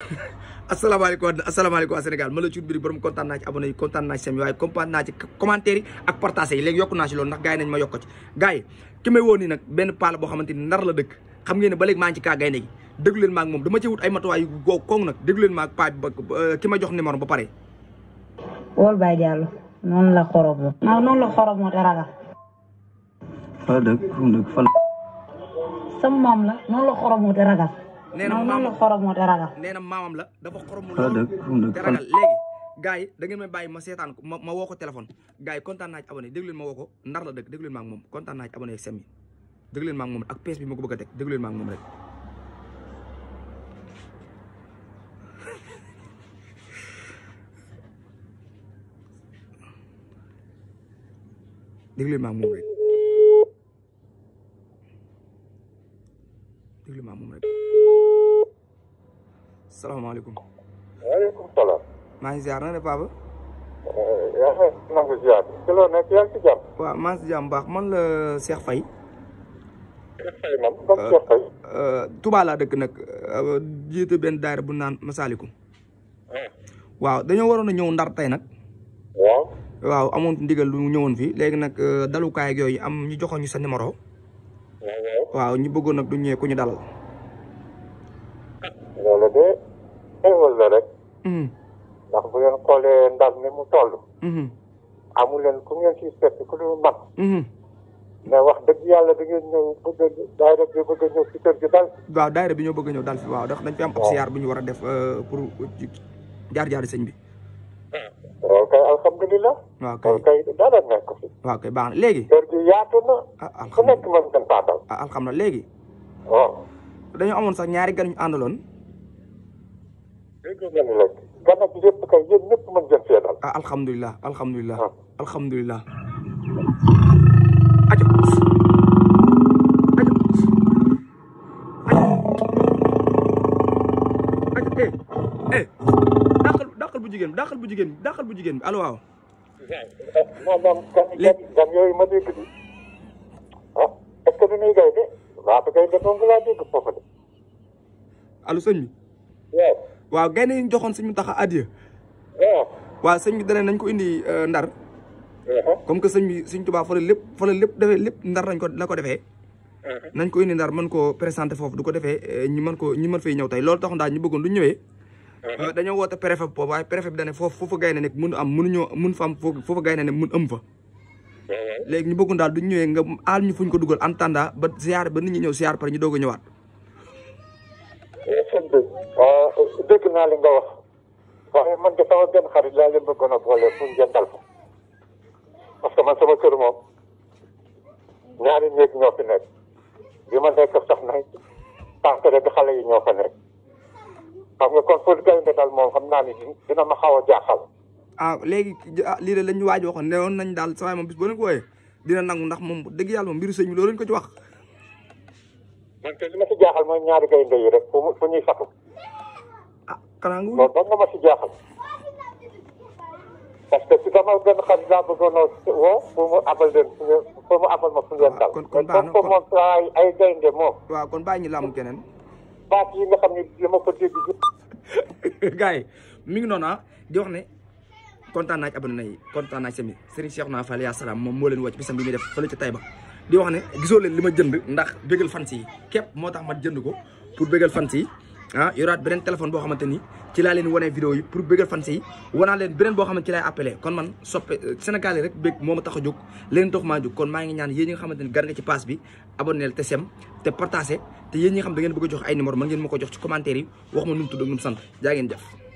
asalaamaaleykum asalaamaaleykum waa Sénégal ma la cuut biri borom kontaan naa ci abonné yi kontaan naa ci sam waaye kontaan naa ci commentaire yi ak partage yi léegi yokku naa ci loolu ndax gars yi nañ ma yokko ci gars yi ki may woon ni nag benn paal boo xamante ni ndar la dëkk xam ngeen ne ba léegi maa ngi ci kaa gaynde gi déglu leen maag moom dama ci wut ay matuwaay yu goo koŋ nag déglu leen maag paa ba ki ma jox numéro ba pare wool Baye Diallo noonu la xoromoo noonu la xoromoo te ragal fa dëkk fa dëkk fan sama maam te ragal nee maamam la dafa xoromu ah, loolu te ragal léegi gars yi da bàyyi ma seetaan ko ma ma woo ko téléphone gars yi kontaan naa ci abonné déglu leen moom kontaan naa moom ak pees moom rek déglu moom rek salaamaaleykum. waaleykum maa ngi ziar na eh, waaw maa si jàmm baax man la Cheikh Faye. Cheikh euh, euh, laa dëkk nag euh, jiite benn daayira bu naan Masaliku. Ah. waaw dañoo waroon a ñëw ndar tey nag. waaw. waaw amoon ndigal lu ñëwoon fii léegi nag dalukaay ak yooyu am ñu joxoon sa numéro. waaw ñu bëggoon nag du ku ñu dalal. loolu de xéewal la rek mhm. ndax bu ngeen xoolee ndam ni mu toll mhm. amu leen ku ngeen ci seet ku dul mag mhm. mais wax dëgg yàlla da ngeen ñëw bëgg a daayira bi bëgg a ñëw si kër gi dal waaw daayira bi ñoo bëgg a ñëw fi waaw bu ñu war a def euh, pour euh, jaar-jaari sëñ bi waaw kay alhamdulilah waaw kay kay dara baax na léegi kër gi yaatu dañu amoon sax ñaari gan ñu àndaloon. ah alhamdulilah alhamdulilah. Ah. alhamdulilah. Eh, eh. dàqal bu jigéen bi dàqal bu jigéen bi dàqal bu jigéen bi allo waaw. allo sëñ waaw waaw gaynde yi ñu joxoon sëñ bi tax a adiya. waaw waaw sëñ bi nañ ko indi euh, ndar. Uh-huh. comme que sëñ bi sëñ Tuubaa fa la lépp lépp defee lépp ndar lañ ko la ko defee. Uh-huh. nañ ko indi ndar mën koo présenté foofu du ko defee euh, ñu mën ko ñu mën fay ñëw tey loolu taxoon daal ñu bëggoon du ñëwee. Uh-huh. Euh, dañoo woote préfet bi boobu bi dañ ne foofu foofu gaynde nekk mënu am mënuñoo mën fa am foofu gaynde ne mën ëm fa. léegi ñu bëggoon daal du ñëwee nga aal ñu fuñ ko dugal en attendant ba ziar ba nit ñu ñëw ziar pare ñu doog a ñëwaat bi euh, dégg naa li nga wax waaye man de sama benn xarit laa leen bëggoon a boole pour ngeen dal ko parce que man sama kër moom ñaari néeg ñoo fi nekk ma ma nekk sax nag partenaire bi xale yi ñoo fa nekk xam nga kon foofu gaynde daal naa ni dina ma xaw a jaaxal. ah léegi lii de la ñu waaj waxoon ne woon nañ daal saa yi moom bis boo leen ko wooyee dina nangu ndax moom dëgg yàlla moom mbiru sëñ bi loolu lañ ko ci wax. man te li ma si jaaxal mooy ñaari gaynde yi rek fu fu ñuy fatu. Ah, a ah, kon kon baax na kon moom ay ay ñu laamu keneen. baat yi nga xam ne li ma ko dégg. yi mi ngi noonu ah di wax ne kontaan naa ci abonné yi kontaan naa ci sami Serigne Cheikhouna Fall yaa salaam moom moo leen woo ci bisam bi muy def fële ca di wax ne gisoo leen li ma jënd ndax bégal fans yi képp moo tax ma jënd ko pour bégal fans yi ah yoraat beneen téléphone boo xamante ni ci laa leen wanee vidéo yi pour bégal fans yi wanaa leen beneen boo xamante ci laay appelé kon man soppe euh, Sénégal yi rek bég moo ma tax a jóg leen tax maa jóg kon maa ngi ñaan yéen ñi nga xamante ni gar nga ci pass bi abonnel te sem te partagé te yéen ñi xam ngeen bëgg a jox ay numéro mën ngeen ma ko jox ci commentaire yi wax ma nu mu tudd sant jaa ngeen jëf